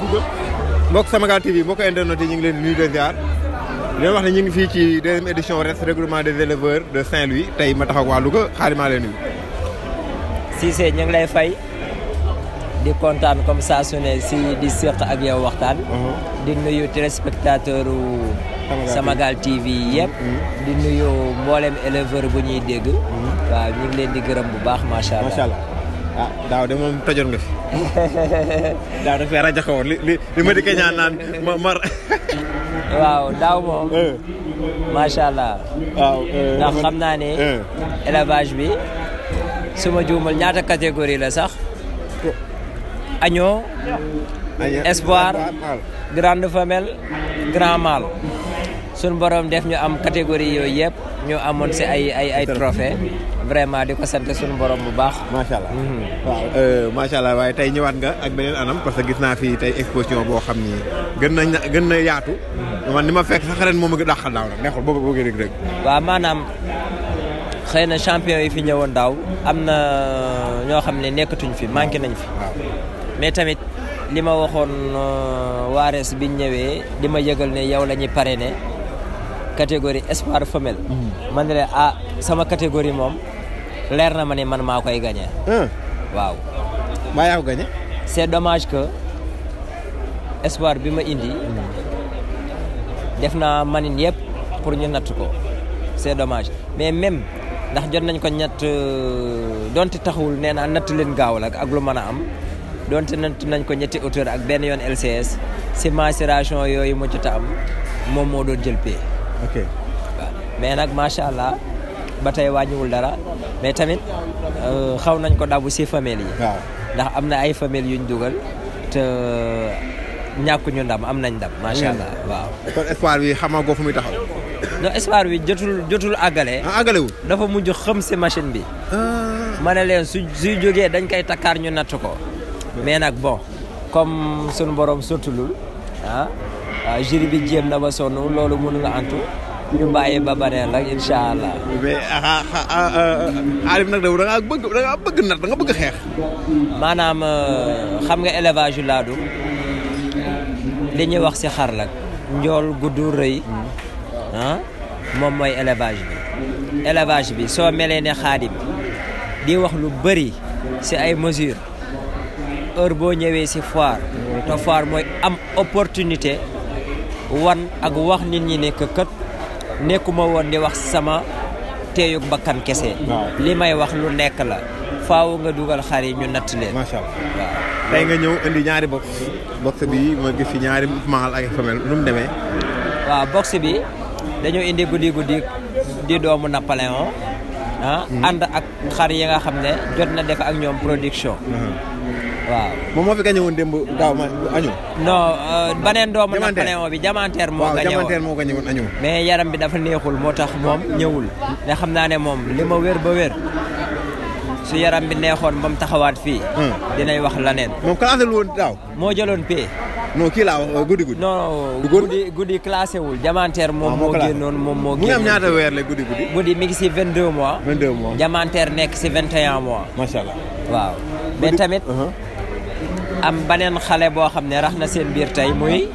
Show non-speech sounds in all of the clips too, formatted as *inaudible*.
Google sama Samagal TV bok internet yi ñu ngi leen nuyu de ziar di wax ne ñu ngi fii ci deuxième édition RES regroupement des éleveurs de Saint-Louis tey ma taxaw waa Louga xaari maa leen nuyu. Cissé ñu ngi lay fay di kontaan comme ça su si di seq ak yow waxtaan. Uh-huh. di nuyu téléspectateur Samagal TV yep uh-huh, uh-huh. di nuyu mboolem éleveur bu ñuy dégg. waaw ñu ngi leen di gërëm bu baax allah ah daaw de moom tajoon nga fi daaw da fee rajax woon li li li ma dikkee ñaan naan ma mar waaw daaw moom *laughs* eh. macha allah waaw ah, ndax eh, xam naa ne eh. élevage bi su ma juumal ñaata catégorie la sax agneau espoir grande femelle grand mâle sun borom def ñu am catégorie yooyu yëpp ñu amoon si ay ay ay trophée vraiment di ko sant suñu bu baax. macha allah mhm. waaw euh, macha waaye tey ñëwaat nga ak beneen anam parce que gis naa fi tey exposition boo xam ni gën na gën na yaatu. Mhm. man ni ma fekk sax ren moom a dàqal daaw neexul boobu bëgg rek rek. waaw maanaam xëy na champion yi fi ñëwoon daaw am na ñoo xam ne nekkatuñ fi manqué nañ fi. mais tamit li ma waxoon euh, waarees biñ ñëwee di ma yëgal ne yow la ñuy parrainé catégorie espoir femelle. Mhm. man ne ah, sama catégorie moom. leer na ma ne man maa koy gagné. waaw. maa yaa ko gagné. c' dommage que espoir bi indi. def naa manin yëpp pour ñu natt ko c' est dommage mais même ndax jot nañ ko ñett euh, donte taxawul nee naa natt leen gaaw la ak lu mën am donte natt nañ ko ñetti auteur ak benn yoon LCS si macération yooyu mu jot a am moom moo doon jël pay. ok mais nag macha ba tey wàññiwul dara mais tamit euh, xaw nañ ko dabu si famille yi. ndax am na ay famille yuñ dugal te euh, ñàkkuñu ndam am nañ ndam. macha mm. allah waaw. kon espoir bi xamaa ko fu muy taxaw. non espoir bi jotul jotul àggale. ah àggalewul dafa mujj xam si machine bi. Ah. ma ne leen su suy jógee dañ koy takkaar ñu natt ko. mais nag bon comme sunu borom sottulul ah, ah jury bi jéem na ba sonn loolu mënula antu. ñu bàyyi ba baneen rek incha allah. mais Arif ah, ah, ah, nag da ngaa bëgg da ngaa bëgg xeex. maanaam euh, xam nga élevage yu laadum li ñuy wax si xar nag njool gudd rëy ah moom mooy élevage bi. élevage bi soo melee ne xaadim di wax lu bëri si ay mesures heure boo ñëwee si foire te foire mooy am opportunité wan ak wax nit ñi nekk kat. nekkuma woon di wax sama teeyug bakkan kese. li may wax lu nekk la faaw nga dugal xar yi ñu natt leen. allah waaw. nga ñëw indi ñaari box. bi ma gis fi ñaari mâle ak femelle nu mu demee. waaw box bi dañoo indi guddi guddi di doomu Napoléon ah. Hmm. ak xar yi nga xam ne jot na def ak ñoom production. Hmm. waaw moom moo fi gagné woon démb daaw ma añu non euh, baneen doomu nag baneen bi jamanteer moo gagné jamanteer moo gagné woon añu mais yaram bi dafa neexul moo tax moom ñëwul ne xam naa ne moom li ma wér ba wér su yaram bi neexoon ba mu taxawaat fii hmm. dinay wax laneen moom classé lu woon daaw moo jëloon pee non kii laa guddi guddi non guddi guddi classé wul jamanteer moom ah, moo génnoon moom moo génnoon mu ngi am ñaata weer la guddi guddi guddi mi ngi si 22 mois 22 mois jamanteer nekk si 21 mois macha allah waaw mais tamit uh-huh am khalebo xalé bo xamné raxna rax na seen basandar tey muy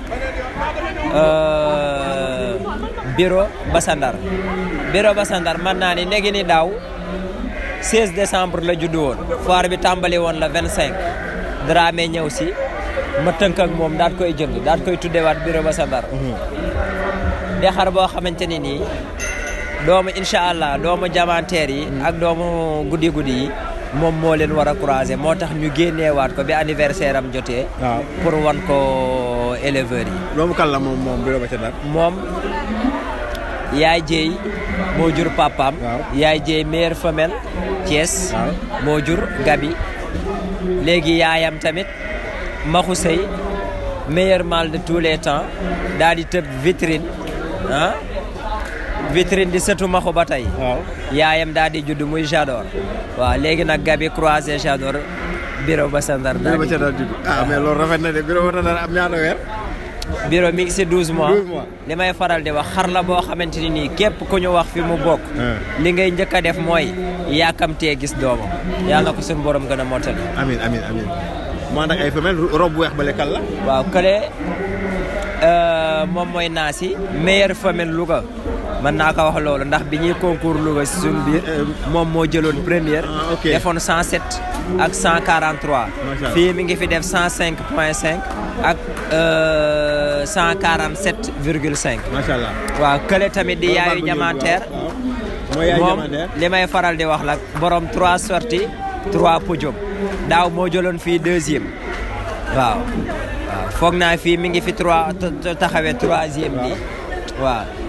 euh, bureau Bassandar biro Bassandar man na ni negini daw 16 décembre la judd won foire bi tambali won la 25 Dramé ñew ci ma teunk ak mom daal koy jënd daal koy wat biro Bassandar mhm. di xar bo xamante ni doomu inshallah allah doomu jamanteer yi ak doomu gudi gudi yi moom moo leen war a croiser moo tax ñu génneewaat ko bi anniversaire am jotee. pour wan ko éleveurs yi. doomu kan la moom moom bi la ca dara. moom yaay jéey moo jur papam yaay jéey mère femelle. Thiès. moo jur Gabi. léegi yaayam tamit maxu sëy meilleur mâle de tous les temps daal di tëb vitrine ah. vitrine di sëtu maxu ba tey. yaayam daal di judd muy Jador. waaw léegi nag gabi croisé Jador bureau ba sa ndar daal di judd ah mais loolu rafet na de bureau ba ndar am ñaata weer. bureau mi ngi si douze mois li may faral di wax xar la boo xamante ni nii képp ku ñu wax fi mu bokk. Eh. li ngay njëkk a def mooy yaakamtee gis doomam. yàlla na ko suñu borom gën a mottali. amiin amiin amiin. maa nag ay femelle robe bu weex ba lekkal la. waaw kële euh, moom mooy naasi. meilleure femelle Louga. man naa ko wax loolu ndax bi ñuy concours Louga si suñ bi ah, eh, moom moo jëloon première ah, defoon 107 ak 143 fii mi ngi fi def 105.5 ak euh, virgule 5 macha allah waaw kële tamit di yaayu jamanteer moom li may faral di wax la borom 3 sorties 3 podium daaw moo jëloon fii deuxième waaw waaw foog naa fii mi ngi fi 3 taxawee troisième bi waaw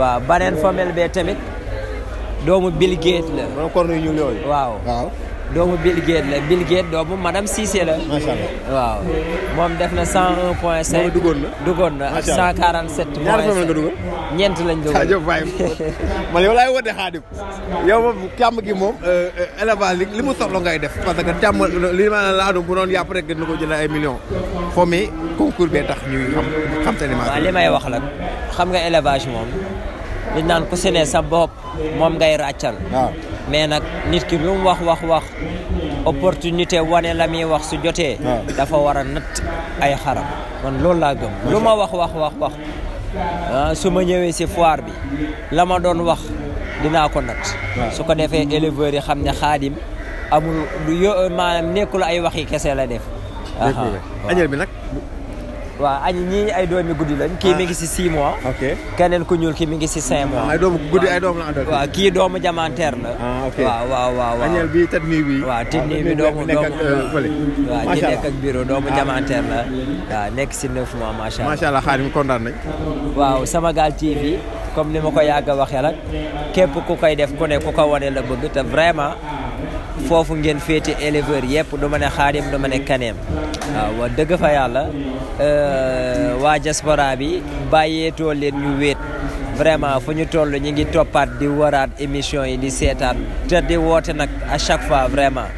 waaw baneen femelle bee tamit doomu Bill Gates la. maanaam corne yu ñuul yooyu. waaw doomu Bill Gates la Bill Gates doomu madame Cissé la. macha waaw. moom def na 101 point 5. moom duggoon na duggoon na ak 147. ñaar femelle nga dugal. ñeent lañ dugal ah Diop man yow laay woote Xaadim yow moom càmm gi moom euh, euh, élevage li mu soxla ngay def parce que càmm li ma la laadum bu doon yàpp rek dina ko jël ay millions. foo mi concours bee tax ñuy xam xam seen li may wax nag xam nga élevage moom. li naan ku si ne sa bopp moom ngay ràccal mais nag nit ki lu mu wax wax wax opportunité wane la muy wax su jotee dafa war a natt ay xaram man loolu laa gëm lu ma wax wax wax wax ah, su ma ñëwee si foire bi la ma doon wax dinaa ko natt su ko defee éleveurs yi xam ne xaadim amul du yo maanaam nekkul ay waxi kese la def añeel bi nag waaw añi ñii ay doomi guddi lañ. kii mi ngi si mois. Ah, ok keneen ku ñuul kii mi ngi si 5 mois. Ah, kii doomu jamanteer la. ah ok waaw waaw waaw. añeel bi tët doomu ah, doomu nekk euh, bureau doomu jamanteer la. waaw nekk si 9 mois macha allah. macha allah xaar mi waaw Samagal TV comme ni ma ko yàgg a waxee rek képp ku koy def ku ne ku ko wane la bëgg te vraiment. foofu ngeen féete éleveur yëpp du ma ne xaadim ne kaneem waaw wax dëgg fa yàlla euh, waa diaspora bi bàyyeetoo leen ñu wéet vraiment fu ñu toll ñu ngi toppaat di waraat émission yi di seetaan te di woote nag à chaque fois vraiment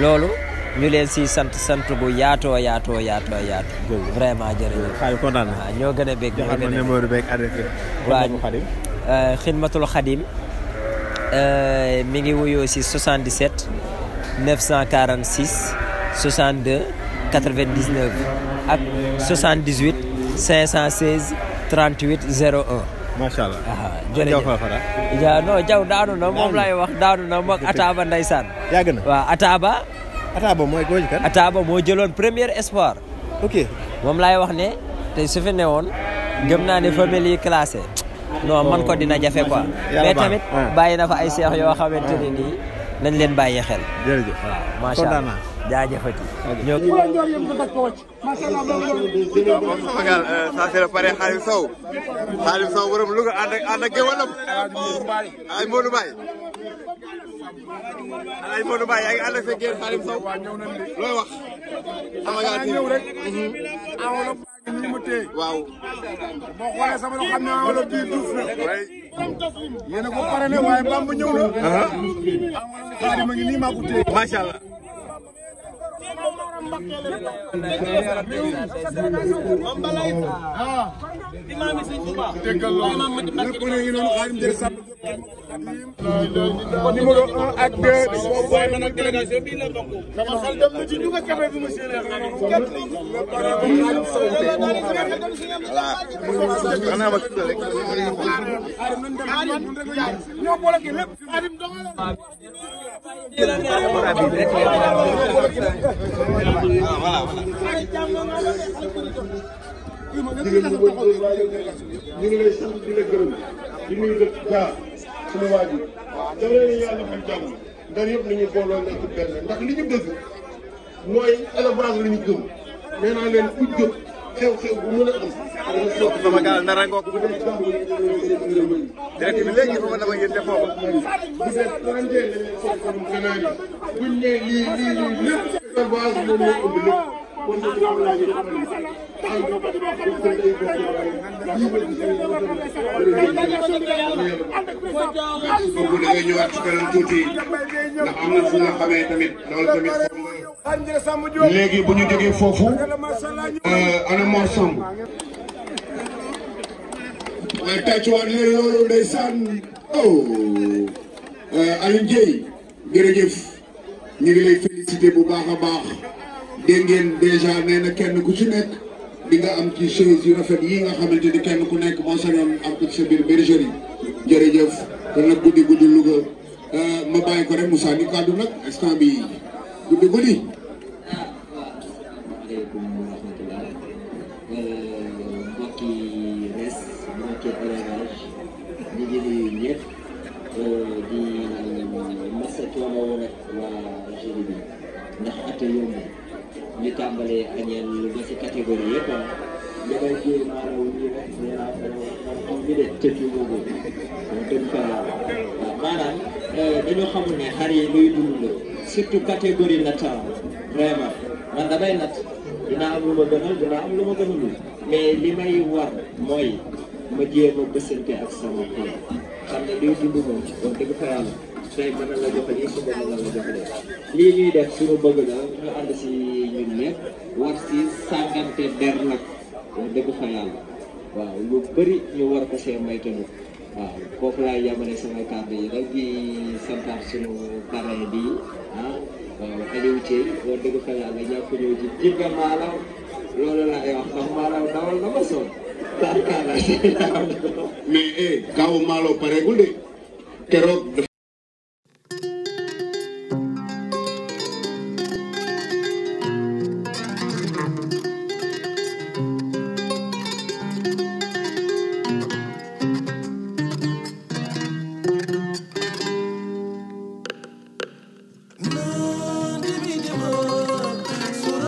loolu ñu leen si sant sant bu yaatoo yaatoo yaatoo yaatoo vraiment jërëjëf ñoo gën a bég ñoo gën a xidmatul xadim euh, Euh, mi ngi wuyoo si 77 946 62 99 ak 78 516 wax daanu na moom Ataaba ndeysaan. yàgg Ataaba. moo jëloon premier espoir. ok moom laay wax ne tey su fi newoon gëm naa non man ko dina jafe quoi mais tamit ah. bàyyi na fa ay seex yoo xamante ne ah. nii nañ leen bàyyi xel jërëjëf waaw a allah jaajëfati ñoo ngi leen door yëm ko tak ko wacc macha allah Sénégal euh, ça ay Modou Mbaye alay Modou Mbaye yaa ngi ànd ak sa géer Xaalim Sow looy wax sama gaa ñëw rek enveloppe mhm. baa ngi nii ma téye waaw boo xoolee sama loo xam ne enveloppe bii duuf na yéen a ko pare ne waaye Bamba ñëw na enveloppe Xaalim a ngi nii maa ko téye macha numéro 1 ak 2. waaye man ak délégation bii la bokk. sama xel dem na ci Louga suñu waajur daf leen yàlla fay jàmm ndar yëpp nañu booloo nekk benn ndax li ñu bëgg mooy élevage la ñu gëm nee leen ku xew-xew bu mën a am. sama gaal ndara ngoog direct bi léegi a ma dama ngeen def foofu bu dee planté lii lii lii lépp élevage moom moo ëmb lépp boobu da ngay a ci kanam tuuti ndax am na xamee tamit loolu tamit xam léegi bu ñu jógee foofu euh, ana Mor Samb waaye tàccuwaat leen loolu oh euh, Aliou Ndiaye jërëjëf ñu ngi bu baax baax dégg ngeen dèjà nee na kenn ku ci nekk di nga am ci chaise yu rafet yi nga xamante ni kenn ku nekk moo sañoon am ko ci sa biir bergerie jërëjëf kon nag guddi guddi Louga euh, ma bàyyi ko rek Moussa ni kàddu nag instant bi guddi guddi. Euh, euh, ndax ate yomb ñu tàmbalee añeel ba si catégorie yëpp ah li may jiw maanaam wu ñu rek nee moom ñu ne tëju boobu moom tëju ko waaw maanaam euh, dañoo xamul ne xar yi luy dund la surtout catégorie nattam vraiment man damay natt dina am lu ma gënal dina am lu ma gënalul mais li may war mooy ma jéem a bësante ak sama xol xam ne luy dund moom wax dëgg fa yàlla. ಪ್ರಯತ್ನ ಗಜಪಡೆ ಸಿದ್ಧಗಂಗಾ ಗಜಪಡೆ lii si Yunet ñëpp sangat si sàggante der nag ya, lu bëri ñu war ko see moytanu waaw foofu laay yamale sama kàddu di ah waaw Aliou Thiel wax dëgg aku yàlla jika malam ci jigga ya loolu malam dawal na ma sol eh kaw maalaw